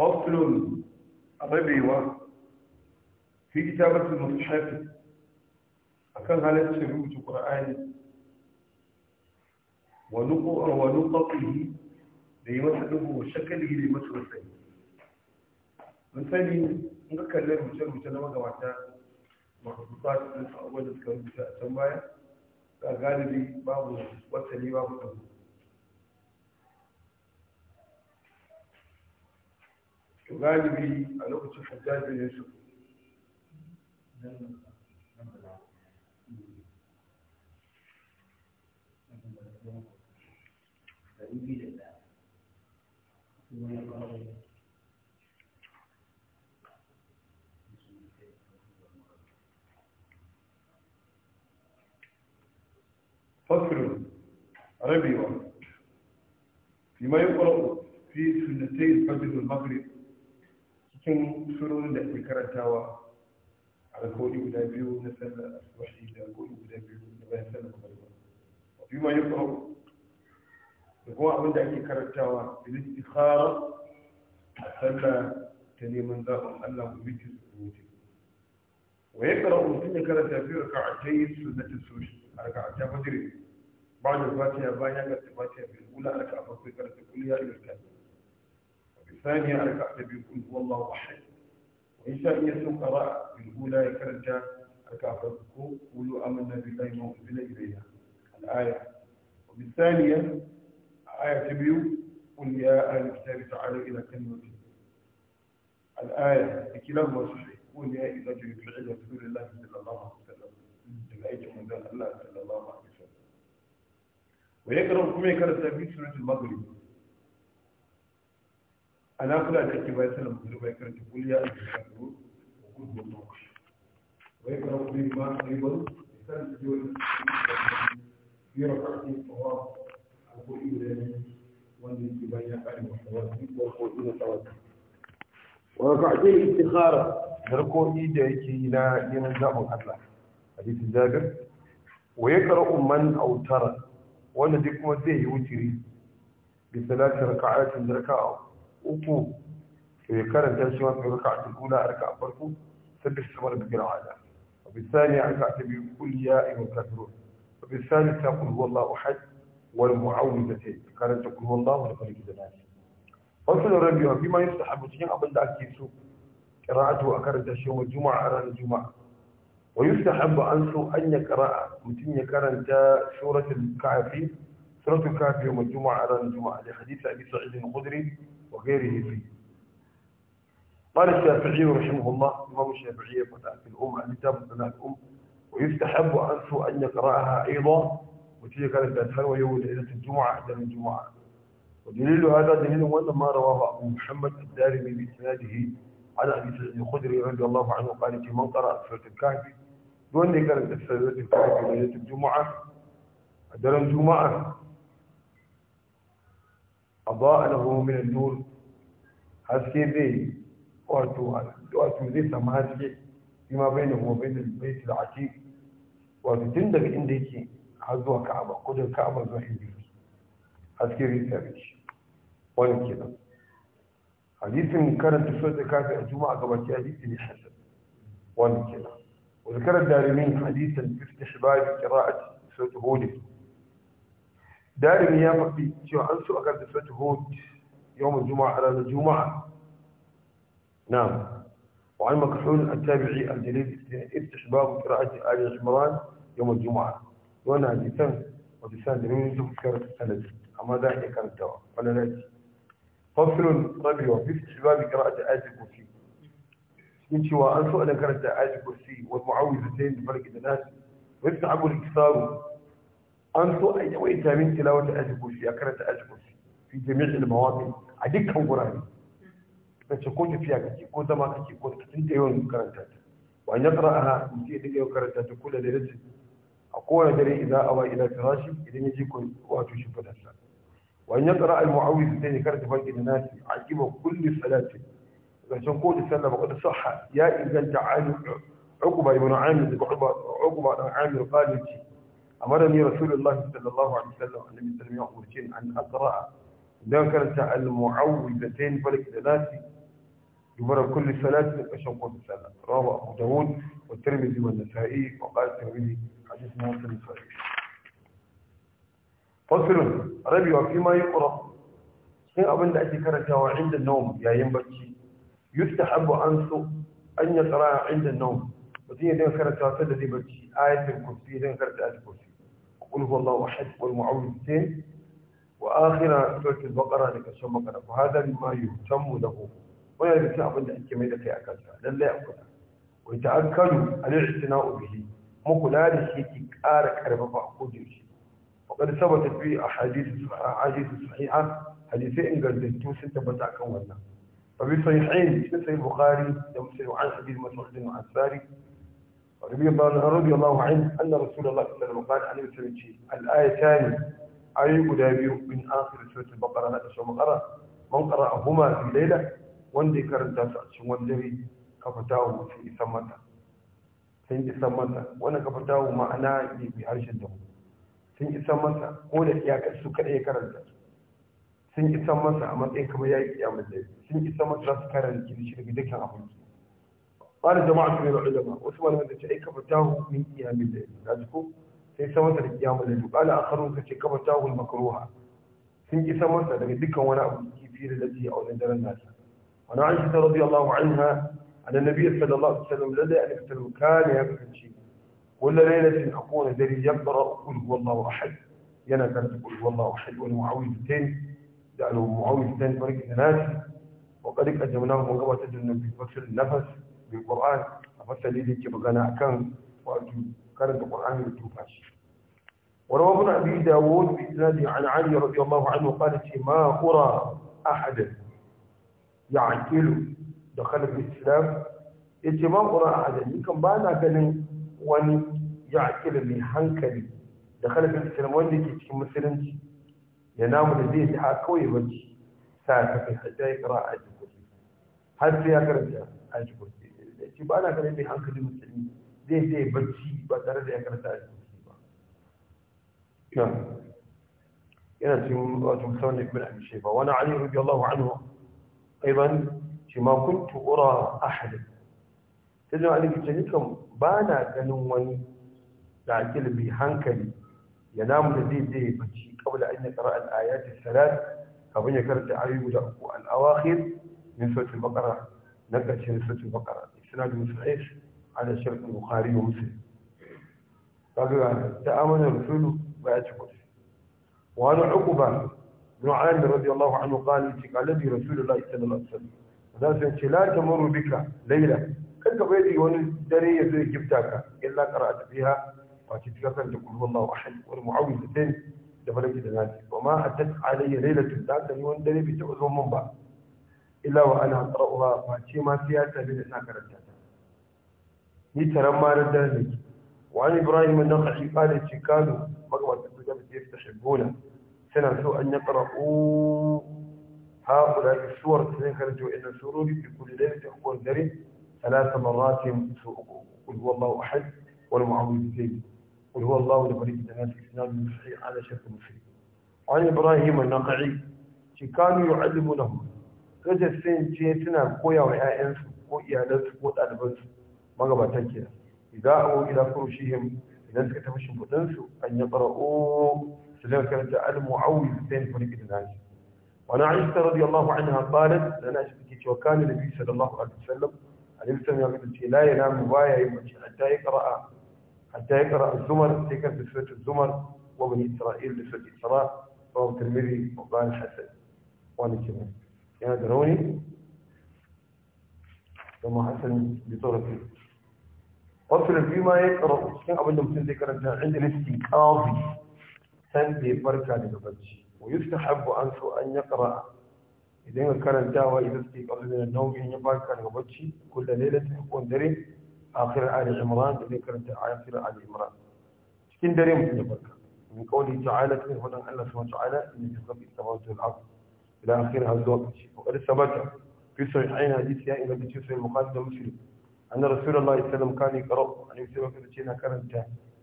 faslun rabewa fi kitabatul mushaf akan halaccin rubuta qur'ani wa nuqra wa da yi masa dubu shakali da yi masa wasai mun sani in ka kalli rubuce-rubuce na magabata masu ba su da da suka rubuta a can baya ga galibi babu wasali babu dubu to galibi a lokacin hajjaj bin فصل ربيع فيما يقرأ في سنتي الفجر والمغرب cikin surorin da ke karantawa rikodi guda biyu na sallar asubahi da rikodi guda biyu na bayan sallar magariba wafi ma yi fahu da kuma abin da ake karantawa da zai ikhara a sallar ta neman zaɓin allah ku biki su rubuce wa ya kara mutum ya karanta fi su na soshi a raka'atai fajiri ba da fatiya bayan ya karanta fatiha bil ula a raka'atai karanta kuliya da kafin الثانية ركعت بيكون هو الله أحد وإن شاء يسوع قرأ الأولى يكرجع ركع فرقه قولوا آمنا بالله ما أنزل إلينا الآية وبالثانية آية تبيو قل يا أهل الكتاب تعالوا إلى كلمة الآية بكلاهما صحيح قل يا إذا جئت العلم رسول الله صلى الله عليه وسلم تلقيت من الله صلى الله عليه وسلم ويقرأ كما يقرأ في سورة المغرب ana kula da ke bayan sanar musulun bai karanta kuliya a cikin shaɗu a gudun lokaci bai karanta kuliya ma a yi ribar sanar da jiwon biyar a wa a kuɗi da yanzu wanda yake bayan ya ƙari masa su ko ko na tsawata wani ka'ajin istikhara harkoki da yake yi na yin zaɓin allah hadisin jabir wa ya kara umman autara wanda duk kuma zai yi wutiri bi salatin raka'atin da raka'a uku to ya karanta shi wani raka'a ta kula a farko sabbi ala وبالثانية ركعة تبي كل ياء والكثرون وبالثالث تقول هو الله أحد والمعوذتين كانت تقول هو الله ولكل كذلك فصل الربيع فيما يفتح تجين أبن داكيسو قراءته أكرد يوم الجمعة على الجمعة ويستحب أنسو أن يقرأ متين كانت سورة الكعفين تركك في يوم الجمعة على الجمعة لحديث أبي سعيد الخدري وغيره فيه قال الشافعي رحمه الله إمام الشافعي فتاة الأم عن كتاب صلاة الأم ويستحب أنه أن يقرأها أيضا وتلك كانت أسهل وهي ليلة الجمعة أحد الجمعة ودليل هذا دليل وأن ما رواه أبو محمد الدارمي بإسناده على أبي سعيد الخدري رضي الله عنه قال من قرأ سورة الكهف دون ذكر سورة الكهف ليلة الجمعة أدرى الجمعة أضاء له من النور هذكي ذي وأتو ذي سماتي فيما بينه وبين البيت العتيق وتندق عندك هذو كعبة قد الكعبة زوحي ذي هذكي ذي ثابت وان كذا حديث من كانت تفرد كافة الجمعة قبل حديث لحسن وان كذا وذكر الدارمين حديثا بفتح باب قراءة سورة هودي darimi يا faɗi شو an so a يوم الجمعة على الجمعة نعم وعن مكحول التابعي الجليل استحباب قراءة آل عمران يوم الجمعة وانا حديثا وبسان دمين تذكر السند أما ذا كان كانت دواء ولا نأتي فصل ربيع في استحباب قراءة آل الكرسي من شواء أنسوا أنا قرأت آل الكرسي والمعوذتين بفرق الناس ويستحب الإكثار أنتو أي وين تامين تلاوة أجبوسي أكرة أجبوسي في جميع المواطن عديك كم قرآن بس كنت فيها كذي كنت ما كذي كنت كتير تيون كرنتات وأن يقرأها مسيح تيون كرنتات كل درس أقول جري إذا أو إلى فراش إذا نجي كل واتو شوف الحساب وأن يقرأ المعوذ الثاني كرت فوق الناس عجبه كل صلاة بس كنت سنة وقد صح يا إذا تعالوا عقبة ابن عامر عقبة عقبة عامر قال لي أمرني رسول الله صلى الله عليه وسلم أن النبي صلى أن أقرأ كانت المعوذتين ثلاثة يبرى كل صلاة من أشهر قوة الصلاة رواه أبو داود والترمذي والنسائي وقال الترمذي حديث موصل صحيح فصل ربي فيما يقرأ sai abin da كرتها karantawa النوم يا yayin يستحب yustahabbu an so an ya tsara inda naum mutum ya dinga karanta wata قل هو الله أحد والمعوذتين وآخر سورة البقرة لك سمكنا وهذا ما يهتم له ولا يبكي أبدا الجميلة في أكلها لن لا يأكلها ويتاكد الاعتناء به مقلا لشيء كارك أربع أقود يشي وقد ثبتت في أحاديث أحاديث صحيحة حديثين قد توسن تبتع كونها ففي صحيحين مثل البخاري ومسلم عن حديث مسعود وعن ساري رضي الله عنه أن رسول الله صلى الله عليه وسلم قال عليه الآية الثانية أي قدابي من آخر سورة البقرة لا تسوى مقرة من قرأهما في ليلة وندي كرن تاسع شوان دري كفتاه في إسامتا في إسامتا وانا كفتاه معنا عرش الدم في إسامتا قول إياك السكر أي كرن تاسع سين إسامتا أما إيه كما يأي قيام الليل سين إسامتا راس كرن كي لشرك دكا أبوكي قال جماعة من العلماء وسوى من الشيء كم من أيام الليل لازكو في سمت الأيام الليل قال آخرون كشيء كم تاه المكروه سنج سمت لكن ذيك وانا نعم كبير الذي أو عند الناس وانا عائشة رضي الله عنها أن النبي صلى الله عليه وسلم لدى أن يقتل كان يقتل شيء ولا ليلة أقول ذري يبرى أقول هو الله أحد ينا كانت تقول هو الله أحد والمعاويدتين جعلوا معاويدتين فريق الناس وقد اجمناهم من قبل تجد النفس القران افسلي دي كبغنا كان وقت قرات القران بتوفاش وروى ابن ابي داود باسناد عن علي رضي الله عنه قال ما قرى أحدا يعقل دخل الاسلام ما قرى أحدا يمكن بانا كان وني يعقل من حنكلي دخل الاسلام وني كي في مسلمتي ينام لذيذ يسعى كوي بنتي ساعة في حتى يقرا حتى يقرا حتى lokaci ba na ganin mai hankali musulmi zai zai barci ba tare da ya karanta a cikin ba yana cikin wato musamman ibn abi shayba wani ali radiyallahu anhu aiban shi ma kuntu ura ahad sai da ali ce ni kam ba na ganin wani da akil bi hankali ya namu da zai zai barci kabla an yaqra al ayat al thalath kafin ya karanta ayoyi guda uku al awakhir min suratul baqara na ƙarshen suratul baqara إسناد صحيح على شرط البخاري ومسلم قالوا تآمن الرسول بآيات الكرسي وعن عقبة بن عامر رضي الله عنه قال قال لي رسول الله صلى الله عليه وسلم ذات لا تمر بك ليلة كنت بيدي وان الدنيا يزوي جبتك إلا قرأت فيها أن تقول والله أحد والمعوذتين دفلك الناس وما أتت علي ليلة ذات يوم الدنيا بتعوذ من بعض إلا وأنا أقرأها فاتي ما فيها تابين إنا كرتها ني ترم وعن إبراهيم النقشي قال اتشكالو مقوى تتجاب يستحبونه سنعرف أن يقرأوا هؤلاء السور سنين خرجوا إلى سرور في كل ليلة أخبر الدرس ثلاث مرات قل هو الله أحد والمعوذتين قل هو الله لبريد الناس في سنان المسيح على شرط المسيح وعن إبراهيم النقعي كانوا يعلمونهم kasance suna koya wa 'ya'yansu ko iyalansu ko ɗalibansu magabatan ke idan a wani ila kuro shi him idan suka tafi shimfiɗinsu an yi ƙara'o su zai karanta al-mu'awwi sai ne kuli da nashi wani aisha radiyallahu anha qalat da na shi take cewa kana nabi sallallahu alaihi wasallam alaihi wasallam ya kace la yanamu baya yi mace hatta ya qara'a hatta ya qara'a zumar sai kan suratul zumar wa bani isra'il da suratul isra' rawahu tirmidhi wa qala hasan wani kenan يهجروني كما حسن بطرفي واصرف فيما يقرأ cikin abin da mutum zai karanta عند الاستيقاظ san da ya ويستحب أن أن يقرأ إذا كان الدعوة إذا استيقظ من النوم إن يبارك عن كل ليلة يكون دري آخر آل عمران إذا كان آخر آل عمران تكين دري مثل يبارك من قوله تعالى كمن هنا الله سبحانه وتعالى إن في السماوات والأرض إلى آخر هذا الوقت وقد ثبت في صحيحين حديث يا إلى في صحيح مسلم أن رسول الله صلى الله عليه وسلم كان يقرأ أن يسمى كرتين كرنت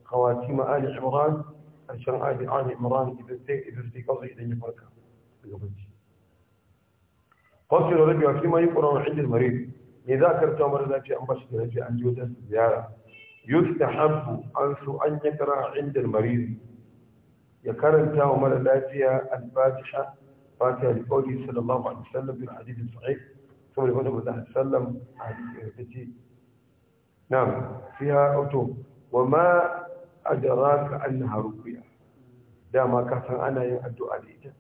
خواتيم آل عمران عشان آل آل عمران إذا إذا استيقظ إلى يفرك فصل ربي فيما يقرأ عند المريض إذا كرت أمر مرض في أنبش درجة عن جودة الزيارة يستحب أنسو أن يقرأ عند المريض يكرنت ومرض الفاتحة وهكذا لقوله صلى الله عليه وسلم في الحديث الصحيح ثم لقوله صلى الله عليه وسلم التي نعم فيها أتوم وما أدراك أنها رقية داما كثر أنا الدعاء لإيتا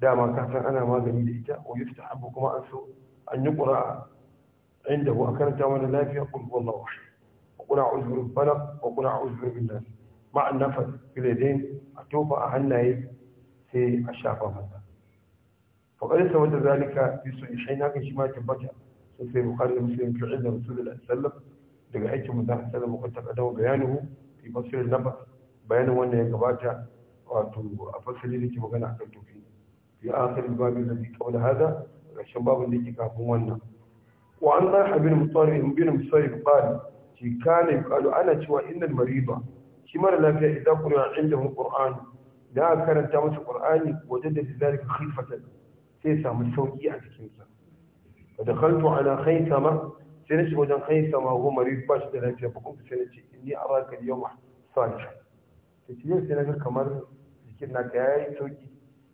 داما كثر أنا ما لم لإيتا ويفتح أبوكما أنسو أن يقرأ عنده أكرت وانا لا في يقول هو الله أحد وقل أعوذ بالفلق وقل أعوذ بالناس مع النفس في اليدين أتوب أهنه في الشعب مثلا فقد استمد ذلك في صحيحين عن جماعة البجع سيد البخاري ومسلم في عز رسول الله صلى الله عليه وسلم لقيت من ذلك صلى الله وقد تقدم بيانه في مصير النبأ بيانه أن يقباجع وأفصل لك وقنا أكلت فيه في آخر الباب الذي قول هذا الشباب اللي الذي كافه وانا وعن طيحة بن مطارق بن مصارق قال في كان يقال أنا شوى إن المريضة مر لا إذا قرأ عندهم القرآن لا كانت تمس القرآن وجدت ذلك خيفة سيسام السودية أتكلم فدخلت على خيثمة سنش مجان خيثمة وهو مريض باش دلائك بكم في إني أراك اليوم صالحا تتجيل سنة كمار ذكرنا كاي سودي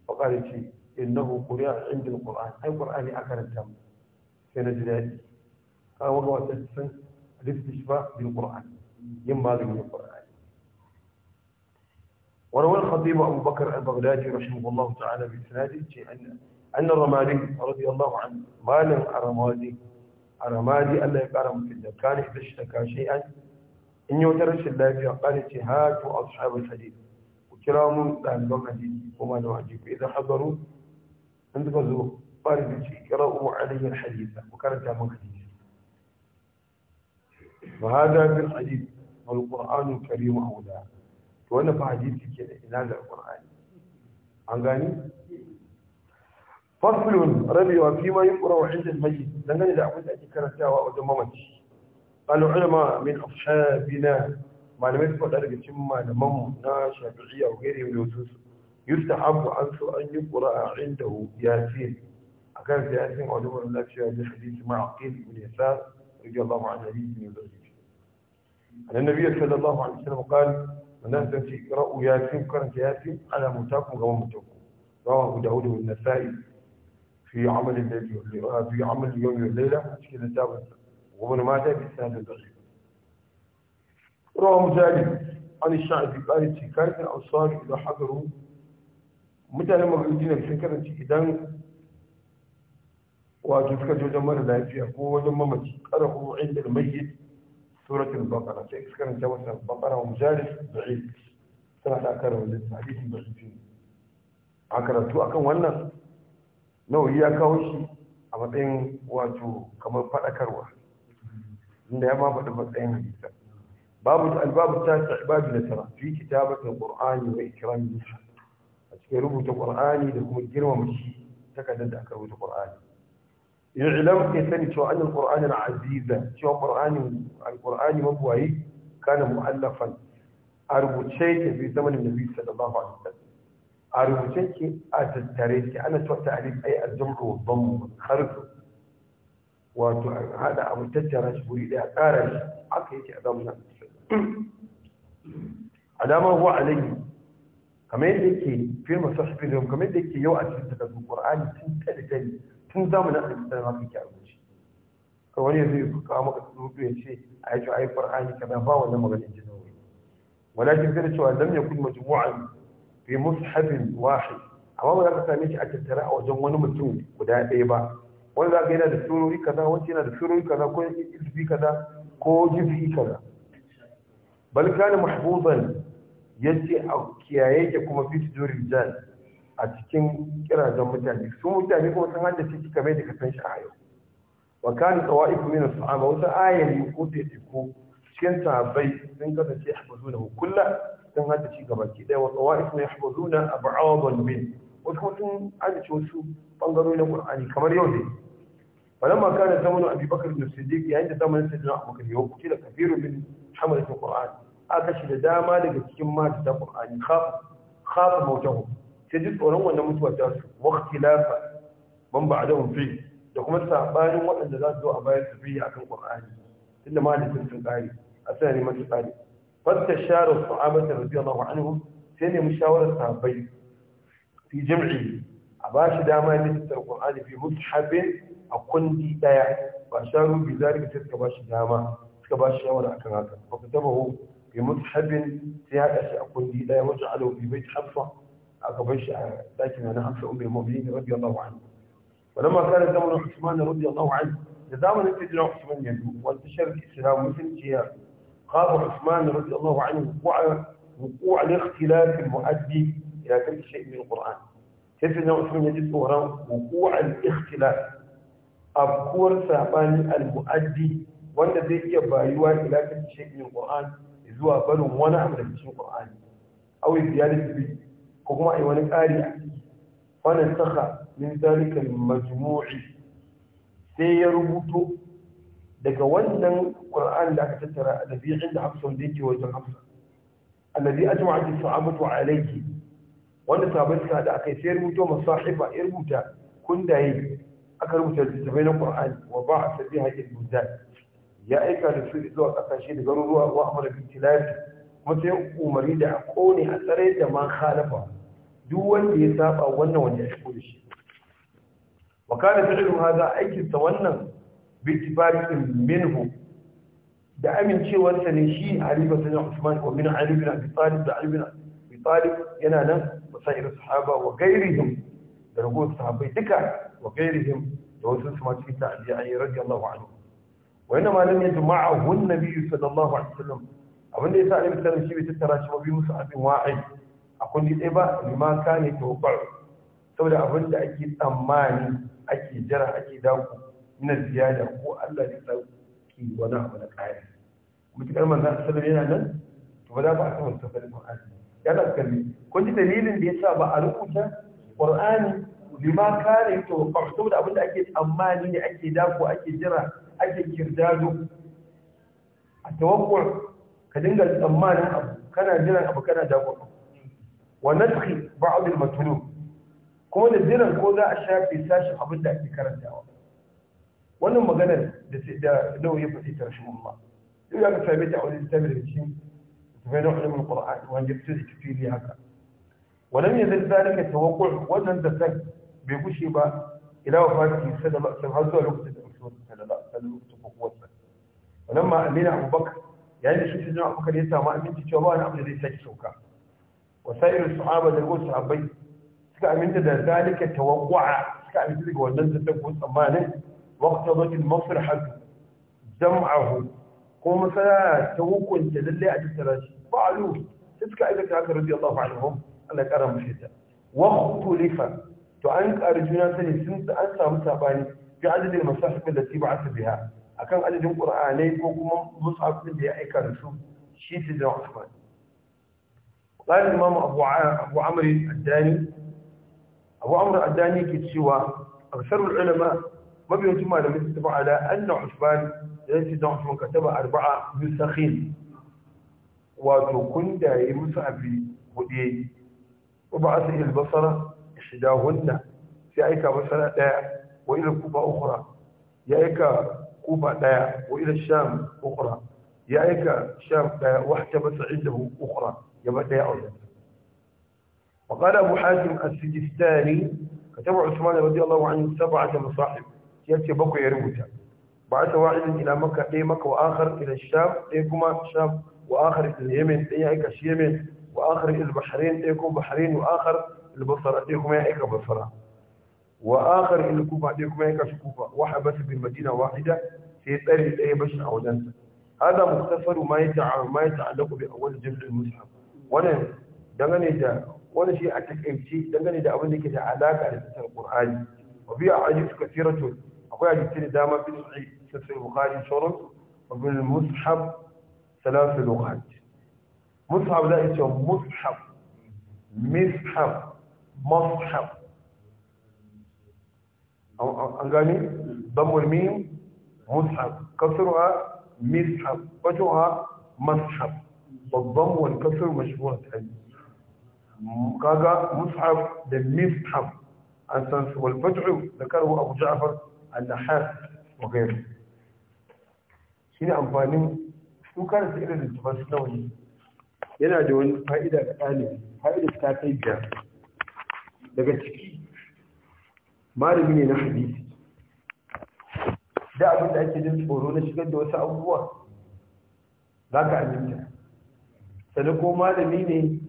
فقال لي إنه قرآن عند القرآن أي قرآن أكثر الجامعة سنة دلائك قال وقوة تتسن الاستشفاء بالقرآن ينبغي من القرآن وروى الخطيب أبو بكر البغدادي رحمه الله تعالى بإسناده أن أن الرمادي رضي الله عنه ما لم الرمادي الرمادي الله يكرم في كان إذا اشتكى شيئا إن يوترش الله في قالت هات وأصحاب الحديث وكرام أهل الحديث وما نواجب إذا حضروا انتقذوا قال بشيء قرأوا علي الحديث وكانت جامع حديث وهذا في الحديث والقرآن الكريم أولا وأنا في حديثي كده إن القرآن عن فصل ربي وفيما يقرأ عند الميت لانني نجد أعود أجي كانت جاوة ودممت قالوا علماء من أصحابنا ما لم يتبقى لك تما نمم ناشا بغية وغيره ولوسوس يستحب عنه أن يقرأ عنده ياسين أكان في ياسين عدوم الله في هذا الحديث مع عقيل بن يسار رضي الله عن النبي بن يزعجي أن النبي صلى الله عليه وسلم قال من أهزم في إقرأ ياسين كانت ياسين على متاكم غوام متاكم رواه داود والنسائي في عمل الليل في عمل اليوم والليلة أشكال الدعوة ومن مات في السهل البغيب روى مجالب عن الشعب قال كارثة الأنصار إذا حضروا متى لما قلتنا بسكرة إذن وتذكر جوجا مرة لا يجي هو وجا مجي قرأه عند الميت سورة البقرة تأكس كان مثلا البقرة ومجالس بعيد سنة أكره حديث ضعيفين أكره تو أكن nawawi ya kawo shi a matsayin wato kamar faɗakarwa inda ya ma faɗi matsayin hadisa babu albabu ta babu da tara fi kitabatul qur'ani wa ikramin a cikin rubuta qur'ani da kuma girmama shi takardar da aka rubuta qur'ani ke sani cewa annal qur'ani القرآن العزيز شو القرآن القرآن مبوعي كان مؤلفا أربو شيء ke bi zamanin nabi sallallahu alaihi wasallam عروجك أز التاريخ أنا سوى تعريف أي الزمع والضم خرف وهذا أبو تجرش بريد أقارج عقيتي أضمنا على ما هو علي كمان ديك في المصحف فيهم كمان ديك يو أسفلت في القرآن تنتهي تنتهي تنظام نحن السلام عليك يا أبو شيء فوالي يزيب كامو كتبوك يشي عيشو ولكن كده شو لم يكن مجموعا fi mushafin wahid amma ba za ka same shi a tattara a wajen wani mutum guda ɗaya ba wani za ka yana da surori kaza wani yana da surori kaza ko isbi kaza ko jibi kaza bal kana mahfuzan yace a kiyaye ke kuma fi tujurin jan a cikin kirajen mutane su mutane kuma sun hada ciki kamar da ka san shi a yau wa kana tawaif min as-sahaba wasu ayari ko da ko cikin sahabbai sun kasance a bazu da kullu sun hada ci gaba ki dai wa tawa'if ne yahmuduna ab'adan min wasu kuma sun hada wasu bangarori na qur'ani kamar yau ne falamma kana zamanu abi bakr ibn siddiq yayin da zamanin sayyidina abubakar yau kuti da kabiru min hamalat alquran aka shi da dama daga cikin mata ta qur'ani khaf khaf mautahu sai duk tsoron wannan mutuwa ta su waqti lafa man ba'dahum fi da kuma sabanin waɗanda za su zo a bayan tafiya akan qur'ani tunda ma da sun kare a sai ne mutu kare فاستشار الصحابة رضي الله عنهم سيني مشاورة صحابي في جمعه عباش داما يتسى القرآن في أو أقندي دايا فأشاروا بذلك تسكى باش داما تسكى باش شاورة أكراتا فكتبه في مصحب سيهاد أشياء كندي دايا وجعله في بيت حفصة أقبش آه، لكن أنا حفصة أم المؤمنين رضي الله عنه ولما كان زمن عثمان رضي الله عنه نظام سيدنا عثمان يدوم وانتشر الإسلام مثل جهاز قال عثمان رضي الله عنه وقوع وقوع الاختلاف المؤدي الى كل شيء من القران كيف ان عثمان يجد ظهره وقوع الاختلاف افكور ثاباني المؤدي وانا ذيك بايوا الى كل شيء من القران زوا بلوم وانا امر في القران او الزياده في كما اي وانا قاري وانا انتخى من ذلك المجموع سيربطه daga wannan qur'ani da aka tattara annabi inda hafsa da yake wajen hafsa annabi ajma'a bi sahabatu alayhi wanda sahabbai suka da akai sai rubuto masahifa ya rubuta yi aka rubuta littafai na qur'ani wa ba'a sabiha ibn ya aika da su zuwa kasashe da garuruwa wa amara bin tilafi kuma sai umarni da a kone a tsare da man khalafa duk wanda ya saba wannan wanda ya shiko da shi wa kana fi'lu hadha aikin sa wannan bittifaqin minhu da amincewar sa ne shi Ali bin Sayyid Uthman wa min Ali bin Abi Talib da Ali bin Abi Talib yana nan masairu sahaba wa gairihim da rago sahabbai duka wa gairihim da wasu su ma cikin tabi'ai radiyallahu anhu wa inna ma lam yajma'ahu an-nabi sallallahu alaihi wasallam abin da yasa Annabi sallallahu alaihi wasallam shi bai tattara shi ba bi musu abin wa'id a kundi ɗaya ba lima kane tawakkal saboda abin da ake tsammani ake jira ake daku من الزيادة هو الله يسوي ونعم الآية mutukar manzan asalin yana nan to ba za ba a saman tafari ƙwar'ani yana kalli kun ji dalilin da ya sa ba a rubuta ƙwar'ani lima kare to ba su da abinda ake tsammani ne ake dako ake jira ake kirdado a tawakkur ka dinga tsammanin abu kana jiran abu kana dako wa naskhi ba'd al-matlub kuma da jiran ko za a shafe sashin abinda ake karantawa wannan maganar da nawa ya faɗi ta rashin umma yau ya ka same ta a wani littafi daga cikin tafai na ilimin qur'an wanda ya fito da tafili haka ولم يزل ذلك التوقع وزن ذكر بيقشي بقى إلى وفاته صلى الله عليه وسلم هذا الوقت صلى الله عليه وسلم قوته ولما أمين أبو بكر يعني شو سيدنا أبو بكر يسا ما أمنت جوان أمن ذي سجسوك وسائر الصحابة دلقوا صحابي سكا أمنت ذلك توقع سكا أمنت ذلك وزن ذكر وصمانه مقتضى المفرحة جمعه قوم صلاة توكل تدلع تتراش فعلوا تذكى إذا كانت رضي الله عنهم الله كان محيطا واختلفا تأنك أرجونا سنة سنة أنسى مصاباني في عدد المصاحف التي بعث بها أكان عدد القرآني وكما مصعب من ذي أعيك رسول شيء سيدنا عثمان قال الإمام أبو, أبو عمر الداني أبو عمر الداني كتشوى أكثر العلماء ما بيوجد على أن عثمان ليس دون عشبان كتبة أربعة يسخين وتكون دائم سعبي ودي وبعثه البصرة إحداهن أيكا بصرة داع وإلى كوبا أخرى يا أيكا كوبا داع وإلى الشام أخرى يا أيكا شام داع واحتبس عنده أخرى يبقى داع وقال أبو حاتم السجستاني كتب عثمان رضي الله عنه سبعة مصاحب yace ce bakwai ya rubuta ba ta wa'idin ila makka dai makka wa akhar ila sham dai kuma sham wa akhar ila yemen dai ya aika shi yemen wa akhar ila bahrain dai kuma bahrain wa akhar ila basra dai kuma ya aika basra wa akhar ila kufa dai kuma ya aika kufa wa habas bil madina wahida sai tsari dai bashin a wajensa هذا مختصر ما يتعلق ما يتعلق بأول جلد المصحف wannan dangane da wani shi a takaice dangane da abin da ke da alaka da tsarin Qur'ani wa biya ajib أقول أجي تري داما في صحيح سفر البخاري شرم وفي المصحب ثلاث لغات مصحب لا يسمى مصحب مصحب مصحب أنقاني ضم الميم مصحب كسرها مصحب فجوها مصحب والضم والكسر مشهورة عندي قال مصحف ده مصحف أنسان والفتح ذكره أبو جعفر al-har wa gairu shi ne amfanin su karanta irin littafan su na waje yana da wani fa'ida ga ɗalibi fa'ida ta kai biyar daga ciki malami ne na hadisi da abin da ake jin tsoro na shigar da wasu abubuwa za ka aminta Sani ko malami ne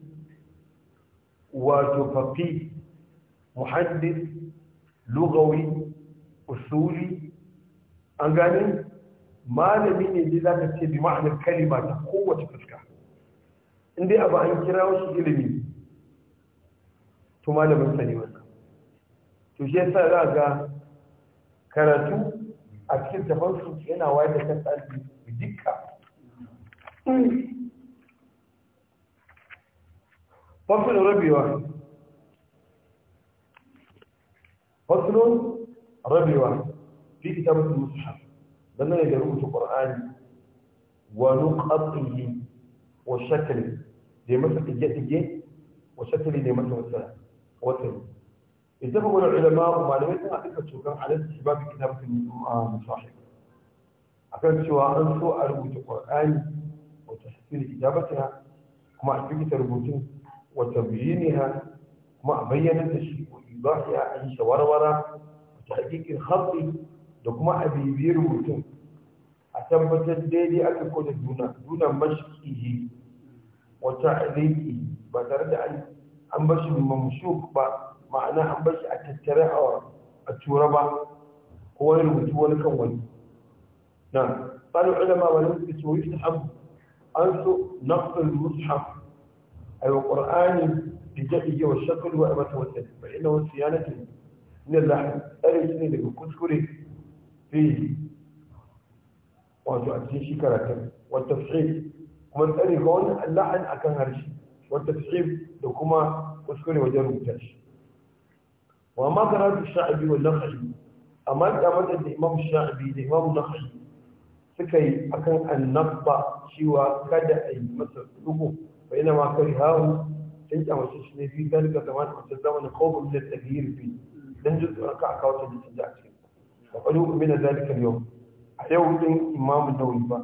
wato fafi muhaddis lugawi usuli an gani? malami ne ne za ka ce bi ma'anar kalima ta kowace fuska inda abu an kira wasu ilimi to malamin sani wannan to shi yasa za ga karatu a cikin tafansu yana waye da kan tsari dukka fasulun rabewa fasulun ربي واحد في كتابة المصحف da rubuta qur'ani wa nuqatihi wa shakli da masa tige-tige wa shakli da اتفقوا العلماء ومعلمين سنة تلك الشوكان على استحباب كتابة المصاحب أكان سواء أنسوا أربط القرآن وتحسين كتابتها مع فكرة تربط وتبيينها مع أبينت الشيء وإيضاحها عن شوارورة hakikin haɗi da kuma a bibiyi rubutun a tabbatar daidai aka kwada duna duna mashiƙi wata alaiki ba tare da an bashi mamshuk ba ma'ana an bashi a tattare a tura ba ko wani rubutu wani kan wani na tsarin ulama wani suke so yi abu an so naqsul mushaf ay wa qur'ani bi ja'i wa shakl wa amatu wa tanbih fa innahu siyanatu من اللحم أليس إنك كسكري فيه وتؤدي شكرة والتفصيل ومن أليس هون اللحن أكن هرش والتفصيل لكما كسكري وجرم تاش وما كان هذا الشعبي والنخشي أما أنت أمد أن الإمام الشعبي الإمام النخشي سكي أكن النبع شوى كدع مثل لقو فإنما كرهاه تنجم وتشني في ذلك كمان وتزامن خوف من التغيير فيه dan jin tsoron ka a kawo canji canji a cikin ba kwallo min zalika yau a yau din imamu nawawi ba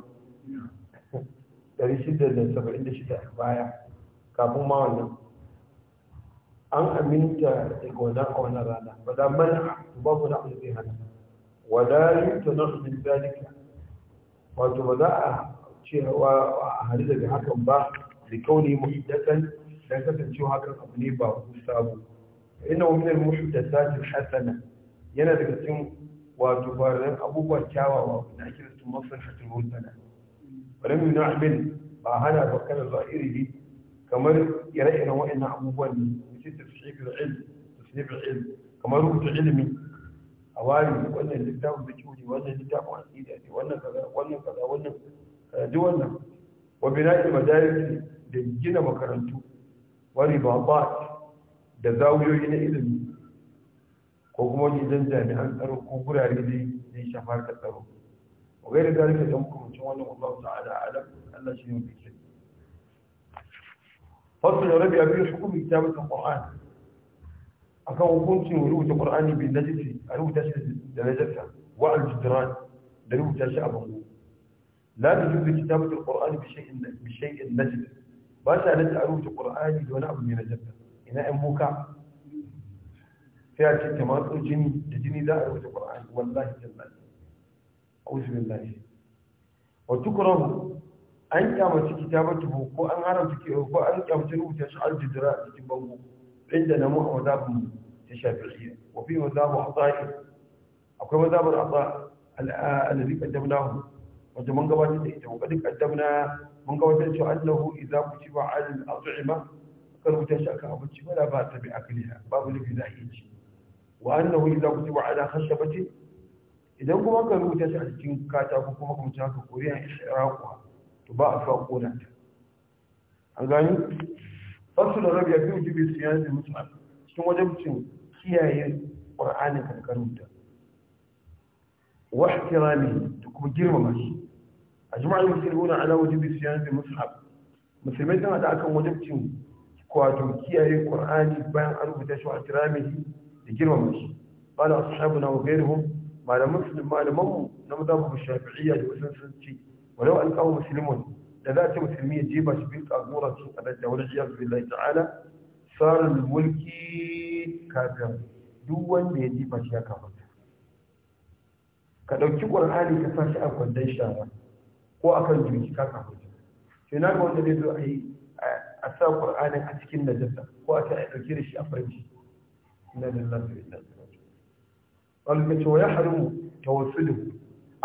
676 baya kafin ma wannan an aminta daga wannan a wannan rana ba da mana babu na abu zai hana wadayin tunan min zalika wato ba za a cewa a hari daga hakan ba da kauni muhimmatan don kasancewa hakan abu ne ba sabo إنه من المشتتات الحسنة ينادي قسم وتبار لن أبوك وتعوى ونأكل تمصر حتى الهدنة ولم نعمل بعهنا بكان الظائر دي كما يرأينا وإن أبوك ونسيت تسعيب العلم تسعيب العلم كما روكت علمي أوالي وأن الكتاب بجولي وأن الكتاب عن إيداتي وأن كذا وأن كذا وأن كذا وأن كذا وبناء المدارس للجنة وكرنتو ورباطات da zawiyoyi na ilimi ko kuma wajen jami'an tsaro ko gurare dai zai shafar ka tsaro وغير ذلك da mutum wannan Allah ta'ala alam Allah shi ne mai kyau fasul rabi abi hukumi ta kitabat alquran akan hukuncin rubuta qur'ani bi najisi a rubuta shi da najasa wa aljidran da rubuta shi a bango la tujuzu kitabat alquran bi shay'in bi shay'in najisi ba ta da rubuta qur'ani da wani abu mai najasa ina yan buka sai a ce kamar tso jini da jini za a rubuta ƙwar'ani wallahi jallahi auzu billahi wa tukrahu an kyamaci kitabatu ko an haramta ke ko an kyamaci rubuta shi al a cikin bango inda na mu a mazhabin ta shafi'iyya wa fi mazhabu ata'i akwai mazhabin ata alladhi qaddamnahu wanda mun gabatar da ita wa kadin qaddamna mun gabatar da annahu idza kutiba al at'ima rubuta shi akan abinci wala ba ta bi akliha babu lifi za a iya ci wa annahu idza kutiba ala khashabati idan kuma ka rubuta shi a cikin katako kuma kuma ta ka koriya israquha to ba a fa kona ta an gani fasu da rabiya bi ujibi siyan da mutum cikin wajen cin kiyaye qur'ani kan karunta wa ihtirami da kuma girmama shi ajma'ul muslimuna ala wajibi siyan da mutum musulmai tana da akan wajibcin كواتو كيه القرآن بان أربو تشوى اترامه لجرم مشي قال أصحابنا وغيرهم ما لم نسلم ما لم نمضبه الشافعية ولو ألقوا مسلمون لذات مسلمية جيبة شبيلت أغورة أبدا ورجي أرض الله تعالى صار الملك كافر دوان بيجيبة شيئا كافر kada ki qur'ani ka fashi akwai dan shara ko akan jiki ka ka hujja sai na ga wanda zai zo a yi a sa ƙur'anin a cikin najasa ko a ta a ɗauke da shi a farji na lillahi wa inna ilaihi ya harimu da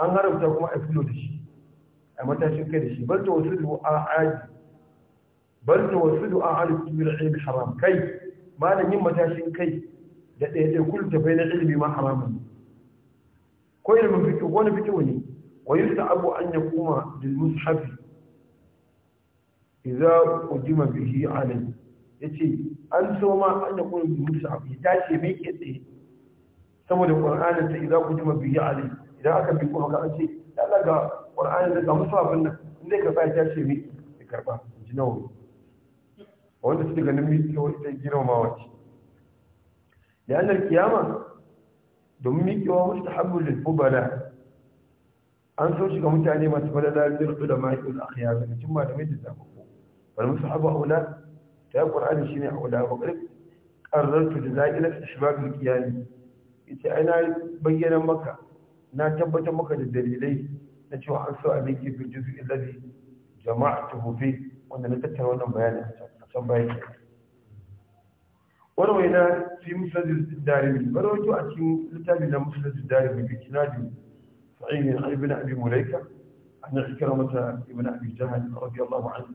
an haramta kuma a filo da shi a matashin kai da shi wasu da a aji wasu da a aji da ilmi haram kai da yin matashin kai da ɗaya ɗaya ta tafai na ilmi ma haramun ko ilmin fiqh wani fiqh ne wa yusta abu an yakuma lil hafi? Iza ujima bihi alai yace an so ma an da kun yi musu abu ya ce mai ce saboda qur'ani ta iza ujima bihi alai idan aka bi kuma ka ce Allah ga qur'ani da ga musu abin nan inda ka sai ta ce mai ya karba ji nawo wanda su daga nan mai sai gina ma wace da annar kiyama domin mikewa mustahabbul lil fubala an so shi ga mutane masu fadada lil da wal akhyar da cin malamai da zabu wal sahabu aula ta qur'ani shine aula wa qarib qarrartu da za'ilat ashbab al-qiyam ita ana bayyana maka na tabbatar maka da dalilai na cewa an so a miki fi juzu alladhi jama'tuhu fi wanda na tattara wannan bayanin a can bayan wani mai na fi musulun darimi wani wato a cikin littafi na musulun darimi bi kinadi sa'ini ibn abi mulaika an ikramata ibn abi jahal radiyallahu anhu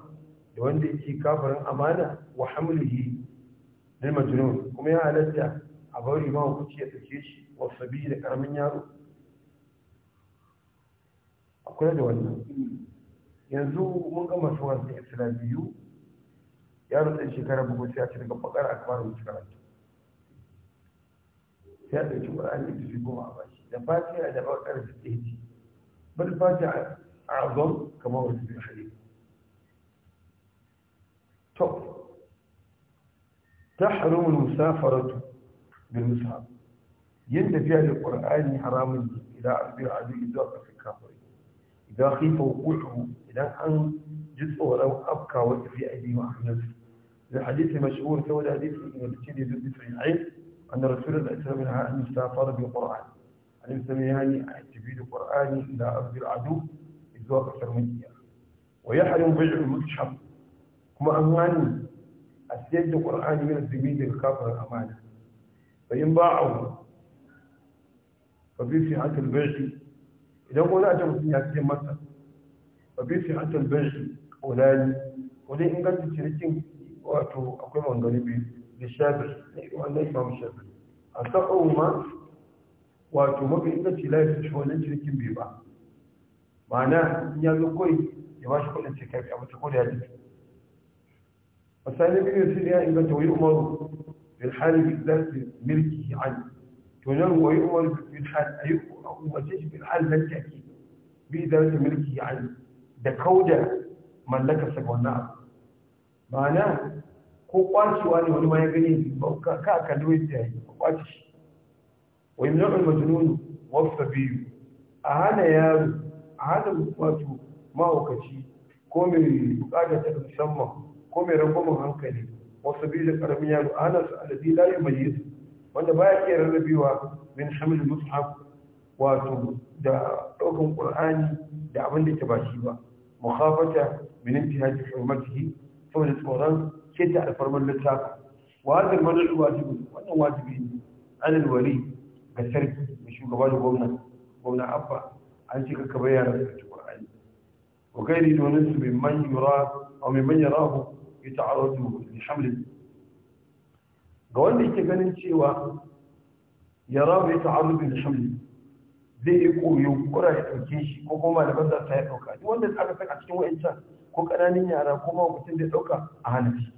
da wanda yake kafarin amana wa hamlihi lil majnun kuma ya alatta a bari ma ku ya take shi wa sabi karamin yaro akwai da wannan yanzu mun ga masu wasu islamiyu yaro ɗan shekara bugu sai a ci daga bakar a kamar karatu sai a ɗauki ƙwararri da su goma a bashi da fatiya da bakar da tsaye bal fatiha a azon kamar wasu bin shari'a طب تحرم المسافرة بالمصحف يد هذا القرآن حرام إذا أخبر عدو إذا في الكافرين إذا خيف وقوعه إلى أن جزء ولو أبكى وفي أيديه وأحنسه الحديث المشهور هو الحديث التي يدل في العين أن رسول الله صلى الله عليه وسلم بالقرآن أن يسافر بالقرآن أن يسميهاني القرآن إلى أرض العدو إذا أكثر من ويحرم بيع المتحف kuma an wani a siyar da ƙwar'ani yana zubi daga kafin amana bayan ba a wu ba bi fi hatar bershi idan wani a mutum ya ce masa ba bi fi hatar bershi ƙunani wajen inganta cinikin wato akwai mangani biyu da shafi wannan imam shafi a sa'o ma wato mafi inganci laifin shi wannan cinikin biyu ba ma'ana ya zo kawai ya ba shi kudin cikin a mutu ko da ya jiki الثاني من يرسل يا إبا ويؤمر بالحال بالذات ملكه عنه تنام ويؤمر بالحال أيؤمر أو بالحال لا تأكيد بذات ملكه عنه da kauda mallakarsa ga wannan abu ma'ana ko kwacewa ne wani ma ya gani ka a kalli wani yayi ko kwace shi wa yi na'ul majnun wasa biyu a hana yaro a hana wato mahaukaci ko mai bukatar ta musamman ko mai rangwamin hankali wasu biyu da karamin yaro a hana su alabi la ya mai wanda baya iya rarrabewa min hamil mushaf wato da ɗaukan ƙur'ani da abin da ke ba shi ba mukhafata min intihaji hurmatihi saboda tsoron keta alfarmar littafi wa hadal madal wajibi wannan wajibi ne alal wali ga sarki da shugaba da gwamna gwamna abba an ce ka bayyana da ƙur'ani wa gairi donin su min man yura aw min man yarahu yata'arraju li hamlin ga wanda yake ganin cewa ya rabu yata'arraju li hamlin zai yi koyo kura ya ɗauke shi ko kuma da za ta ya ɗauka duk wanda aka saka cikin wa'inta ko ƙananan yara ko ma mutum da ɗauka a hana shi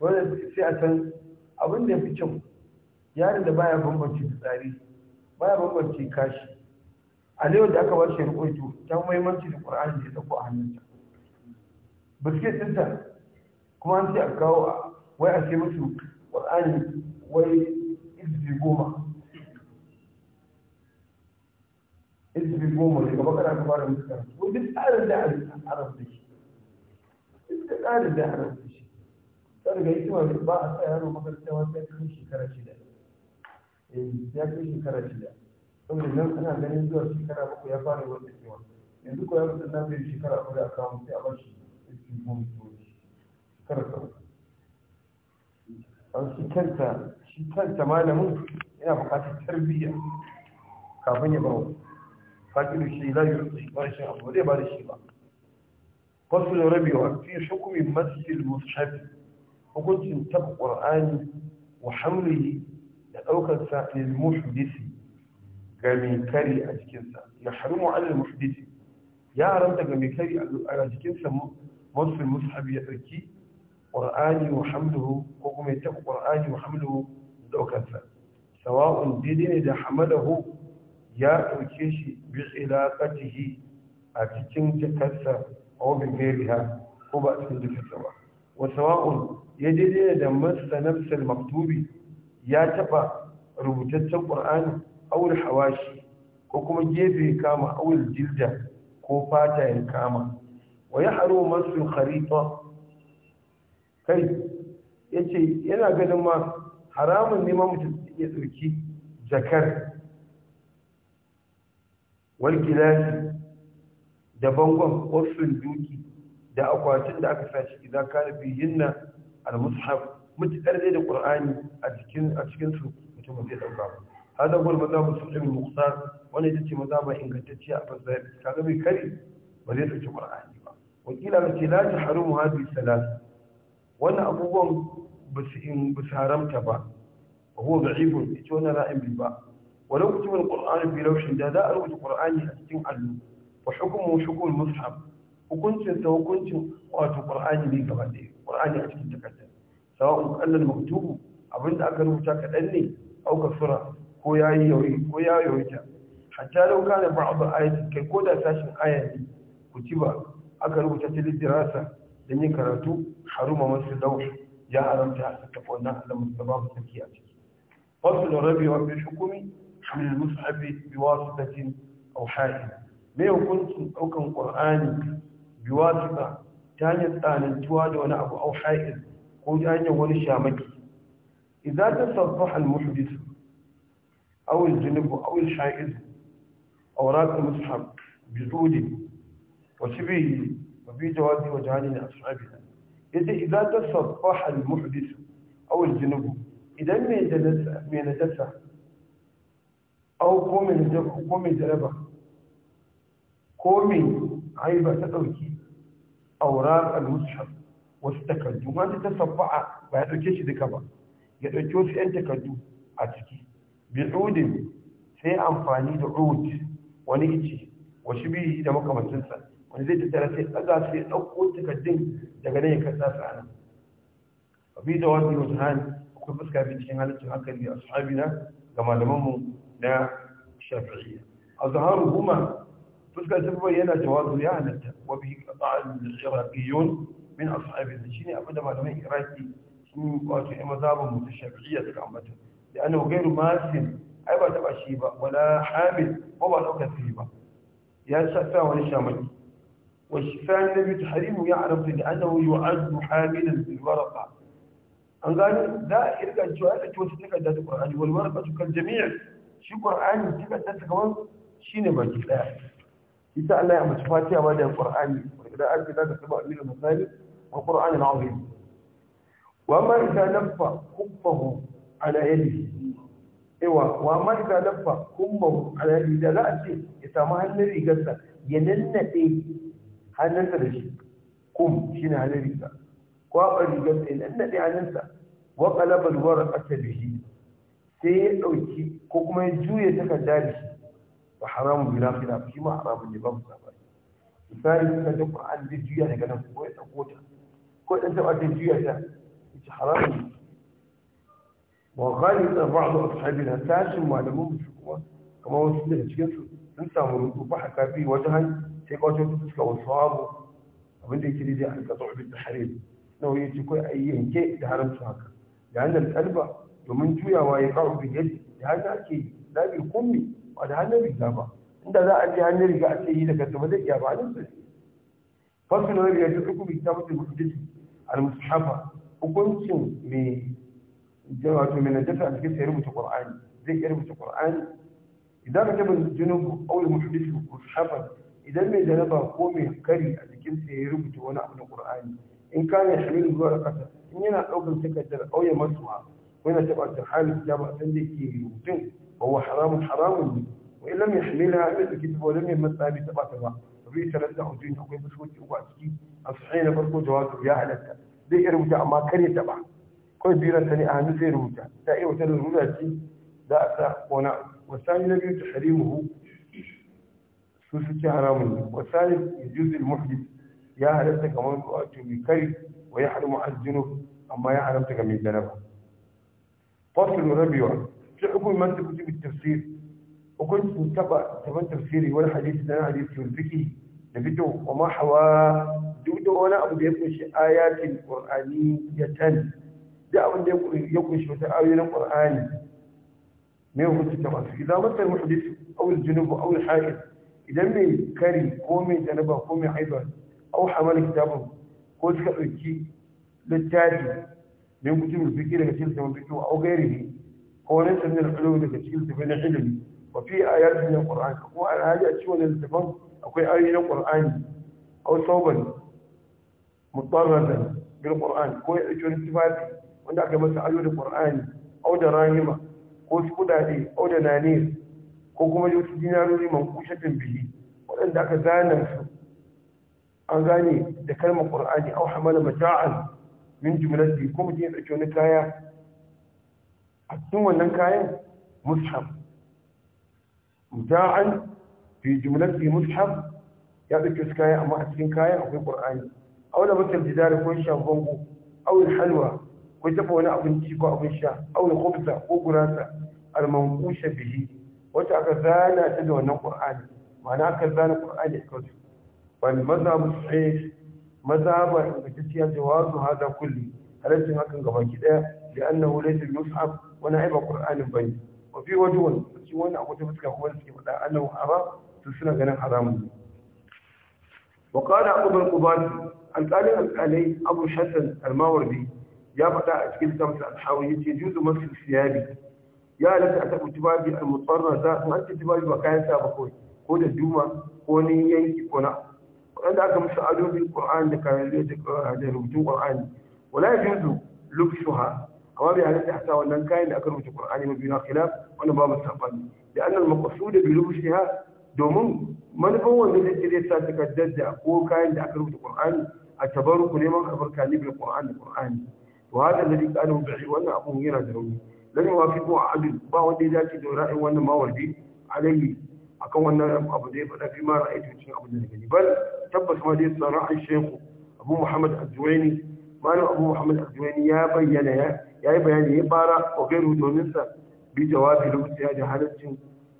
wanda sai a san abin da ya fi kyau yaron da baya bambance tsari baya bambance kashi a lewa da aka ba shi rikwaito ta muhimmanci da ƙur'ani da ya ɗauko a hannunta biskit ɗinta kuma an ce a kawo wai a ce musu ƙwar'ani wai izbi goma izbi goma daga bakara ka fara musu karatu wani tsarin da arab da shi iska tsarin da arab da shi tsarin ga hikima da ba a tsaya yaro makaranta wata ya kai shekara shida ya kai shekara shida saboda nan ana ganin zuwa shekara bakwai ya fara wata kewa yanzu ko ya mutu na bai shekara kuma da aka mutu a bashi izbi goma karka an shi kanta shi kanta malamin yana bukatar tarbiyya kafin ya bawa fakiru shi la yurdi shi abu ba da shi ba da rabiwa fi hukumi masjid mushaf hukuncin tab qur'ani wa hamlihi da daukar sa lil muhdisi ga mai kari a jikinsa ya harimu alal muhdisi ya haramta ga mai kari a jikinsa wasu mushaf ya tsarki Qur'ani wa hamduhu ko kuma ya taɓa Qur'ani wa hamduhu ɗaukarsa sawa'un daidai ne da hamadahu ya ɗauke shi bi tsilaƙatihi a cikin jakarsa a wabin meriha ko ba a cikin jakarsa ba wa sawa'un ya daidai ne da masanamsal maktubi ya taɓa rubutaccen ƙur'ani aure hawashi ko kuma gefe kama aure jilda ko fata ya kama wa ya haro masu kharita kai ya ce yana ganin ma haramun ne ma mutum ya ɗauki jakar walgilashi da bangon ofin duki da akwatin da aka sashi idan ka rufe yinna al-mushaf mutukar dai da qur'ani a cikin a cikin su mutum zai dauka hada gol mazhabu sunan muqtar wani yace mazhaba ingantacce a fasari kaga bai kare ba zai dauki qur'ani ba wakila la tahrumu hadhihi salasa wannan abubuwan ba su haramta ba huwa da ibun ita ra'in bi ba wani kutubin ƙur'ani bi laushin da za a rubuta ƙur'ani a cikin allo wa hukumu hukumul mushaf hukuncin sa hukuncin wato ƙur'ani ne gaba ɗaya ƙur'ani a cikin takarda sawa'un kallal maktubu abinda aka rubuta kaɗan ne auka sura ko ya yi yauri ko ya yawaita hatta lau kana ba'd ayati kai ko da sashin aya ne kutiba aka rubuta ta lidirasa don yin karatu haruma masu laushi ya haramta a saka wannan alamun da babu sarki a ciki wasu da rabi wa bai hukumi hamil musabi bi wasu tajin au ha'in mai hukuncin ɗaukan ƙur'ani bi wasu ta hanyar tsanantuwa da wani abu au ha'in ko ta hanyar wani shamaki idan ta sabbaha al-muhdith aw al-junub aw al-sha'iz awraq al-mushaf bi zudi wa shibihi وفي جواب وجهان لأصحابنا yace idan ta sabbaha al muhdis aw al-junub idan mai jalasa mai najasa aw ko mai najasa ko mai jaraba ko mai aiba ta dauki awraq al-mushaf wasu takardu ma ta sabbaha ba ya dauke shi duka ba ya dauke wasu yan takardu a ciki bi'udin sai amfani da ud wani ici wa shi da makamancinsa wani zai tattara sai ɗaga sai ɗauko takardun daga nan ya kasa su ana abi da wani ruzhan akwai fuska bi cikin halittun hankali a sahabina ga malamanmu na shafi'iyya a zaharu kuma fuska ta bayyana jawazu ya halatta wa bi qata'al iraqiyun min ashabina shine abin da malaman iraki sun wato ya mazhabin mutashafi'iyya suka ambata da annahu ghairu masin ai ba taba shi ba wala hamil ko ba daukar shi ba ya shafa wani shamaki والشفاء الذي تحريمه يعرف لأنه يعد حاملا في الورقة أن قال لا إرجع السؤال توسطك ذات القرآن والورقة كالجميع شو قرآن تبع ذات كمان شين ما جلاء إذا الله يعمل فاتحة وهذا القرآن والقراءة كذا تبع من المثالب والقرآن العظيم وما إذا لف خفه على يده إيوه وما إذا لف خمه على يده لا أشيء يسامح النبي قصة يننتي hannunsa da shi kum shi ne hannun riga kwaɓa rigar sai nan naɗe hannunsa wa ƙalabar warar ƙasa da shi sai ya ɗauki ko kuma ya juya takarda da shi ba haramun bila khilaf shi ma haramun ne ba mu sabani misali ka da Qur'an da juya daga nan ko ya dauko ta ko dan taba ta juya ta shi haramun wa ghalita ba'd ashabina tashin malamun su kuma kamar wasu daga cikin su sun samu rubu ba haka bi wata hanya sai ka wato fuska wa sawabu abinda yake daidai an kato abin da harim nawa ya ce kai a yanke da haramci haka da hannun kalba domin juyawa ya kawo bin yadda da hannun ake yi labi kummi ba da hannun riga ba inda za a je hannun riga a ce yi da kanta ba zai iya ba hannun sai fasu na rabi ya ce uku bi ta mutu hujjati al-mushafa hukuncin mai wato mai najasa a cikin sai rubuta qur'ani zai iya rubuta qur'ani idan ka tabbata junubu aw al-muhaddith mushafa idan mai janaba ko mai kari a jikinsa ya rubuta wani abu na إن in kana hamilu zuwa kasa in yana daukar takardar auya masuwa وهنا تبقى تحال كتاب عندك يوتين وهو حرام حرام وإن لم يحملها إلا الكتاب ولم يمسها بتبقى تبقى وفي ثلاثة حجين أقول بسوتي أبقى تكي أصحينا بركو جواز يا أهلك دي إرمتا ما كري تبقى كل بيرا ثاني أهم زي رمتا دا إيه وتن الرمتا دا أسا ونا والثاني نبي تحريمه شو شو حرام والثالث يجوز المحدث يا لست كمان تؤتي كيف ويحرم على الجنوب أما يا حرمتك من ذنبه فصل ربيع في حكم من تكتب بالتفسير وكنت متبع تبع تفسيري ولا حديث ده حديث في الفكي نبيته وما حوا دوده وانا ابو يقش ايات القرانيه دعوا ان يقش مثلا ايات القران ما هو كنت تبع اذا مثلا المحدث او الجنوب او الحاكم idan mai kari ko mai janaba ko mai haibar au hamala kitabun ko suka ɗauki littafi min kutubul fiqh daga cikin sabon fiqh au gairihi ko wani sanin al'ulu daga cikin sabon ilimi wa fi ayatin min qur'an ko a hali a cikin wannan littafin akwai ayoyi na qur'ani au sauban mutarradan bil qur'an ko ya ɗauki wani tufafi wanda aka masa ayoyi da qur'ani au da rahima ko su kudade au da nanir ko kuma da wasu dinarori mankushatin bihi waɗanda aka zana su an gane da kalmar ƙur'ani au hamala mata'an min jumlati ko mutum ya ɗauki wani kaya a cikin wannan kayan mushaf mata'an fi jumlati mushaf ya ɗauki wasu kaya amma a cikin kayan akwai ƙur'ani au da mutum jidari ko shan bango au halwa ko taɓa wani abinci ko abin sha au da ko gurasa al-mankusha bihi wacce aka zana ta da wannan ƙur'ani ma'ana aka zana ƙur'ani a kansu wani mazhabu sai mazhabar ingantacciya jawazu hada kulli halaccin hakan gaba ki daya da annahu laysa mus'ab wani aiba qur'anin bane wa fi wajhun shi wannan abu ta fuska kuma suke faɗa annahu haram su suna ganin haramun wa qala abu al-qubani alqali alqali abu shatan al-mawardi ya faɗa a cikin tamsa al-hawi yace juzu masu siyabi يا لك أتبت بابي المطرنة ذات ما أنت بابي وكان سابقوي هو الدوما هو نيين كنا وأنا أكم سألون في القرآن ذكر اللي ذكر هذا الرجوع القرآن ولا يجوز لبسها أما بأن تحت وأن كاين أكل من القرآن من خلاف وأنا باب السفر لأن المقصود بلبسها دومون من هو من الذي ساتك الدجا هو كائن أكل من القرآن التبرك لمن خبر لي بالقرآن القرآن وهذا الذي قاله بعيوننا وأنا أقوم هنا dan wa fi ko abin ba wanda ya ci dora in wannan mawardi alayhi akan wannan abu da ya faɗa fi ma ra'ayi cikin abu da gani bal tabbas ma dai sarra'a shehu abu muhammad azwaini malam abu muhammad azwaini ya bayyana ya yayi bayani ya fara wa gairu domin sa bi jawabi da ya da halaccin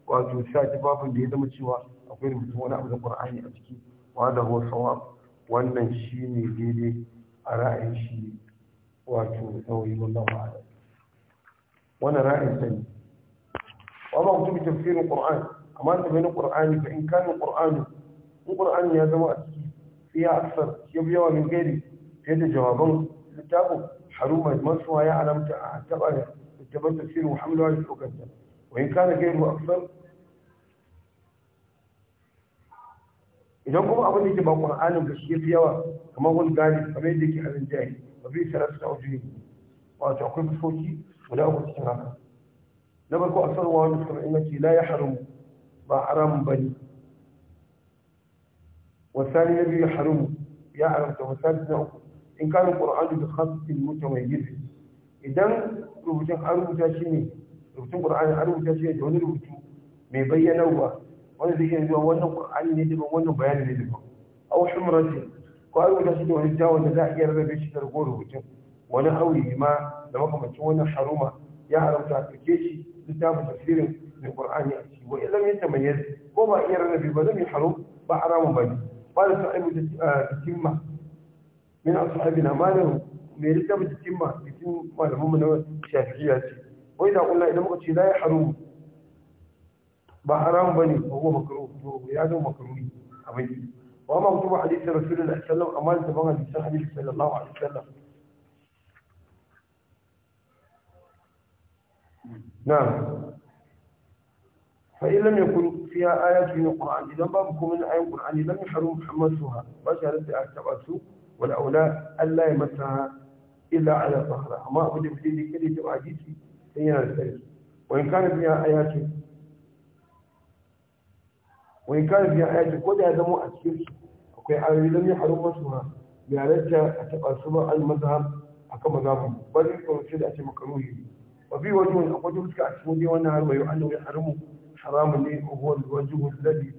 wato sa tufafin da ya zama cewa akwai rubutun wani abu da qur'ani a ciki wa da huwa sawab wannan shine daidai a ra'ayin shi wato sauyi wallahu ma'ana وانا رائع ثاني والله متبي تفسير القرآن أما أنت بين القرآن فإن كان القرآن القرآن يا زماء فيها أكثر يبيع من غيري يد جوابا لتابه حرومة مصوى يعلم تبقى تبقى تفسير محمد عليه الحكم وإن كان غيره أكثر idan kuma abin da ke ba ƙur'anin gaske fi yawa kamar wani gani kamar yadda ke halin jahi ba fi sarar ta wajen wato akwai fuskoki ولو استغرب نبقى أصر ومسكر إنك لا يحرم بحرام بني والثاني نبي يحرم يا عرمت والثالث نأكل إن كان القرآن بخاصة المتميز إذن روبتين أروب تاشيني روبتين القرآن أروب تاشيني دون روبتين مي بيّنوا وانا ذي كان يقول وانا القرآن ندبا وانا بيان ندبا أو حمرتين قرآن تاشيني وانا جاوة نزاحية ربا بيشتر قول روبتين wani hauri ma da makamancin wani haruma ya haramta a tsirke shi littafin tafsirin da ƙwar'ani a ciki wa idan ya tamayyaz ko ba iya rana biyu ba zai haram ba haramun ba ne ba da sahibu cimma min asu na ashabina malahu mai littafin da cikin malamin mu na shafiya ce wai da kula idan muka ce la ya haram ba ba ne ko kuma makruh ya zama makruhi abin wa ma kutuba hadisi rasulullahi sallallahu alaihi wasallam amma da ban hadisin hadisi sallallahu alaihi wasallam نعم فإن لم يكن فيها آيات من القرآن إذا بابكم من آية القرآن لم يحرم حمسها بشرت أعتبت والأولى ألا يمسها إلا على طهرة ما أبدا بدي كلمة عجيزي سينا السيد وإن كان فيها آيات وإن كان فيها آيات قد هذا مو أسير أكوي حالي لم يحرم مسها بألتا أتبت سبع المذهب أكما ذاهم بل يكون سيد أتي مكروهي وفي وجه أخرجه كأسود ونهر ويعنه يحرم حرام لي وهو الوجه الذي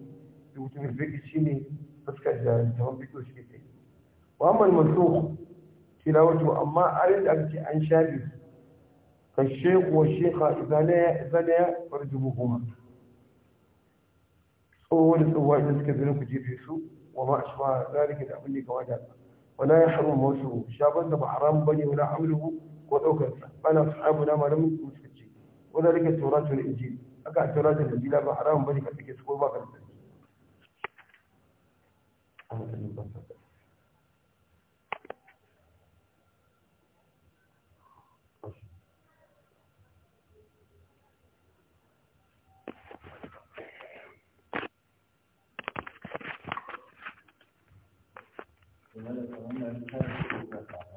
يوتم الفيك شيني بس كذلك هم بيكو شيء وأما المنسوخ تلاوته أما أريد أن شابه فالشيخ والشيخة إذا لا إذا لا فرجمهما هو هو لسواء يسكذلون كجيب يسوع وما أشبه ذلك الأمني كواجه ولا يحرم موسوه شابا تبع حرام بني ولا عمله ko ɗaukarsa ana sahabu na malamin su suka ce wanda rike tauratu na injili aka a tauratu na injili ba haramun bane ka take su ko ba ka da Thank you.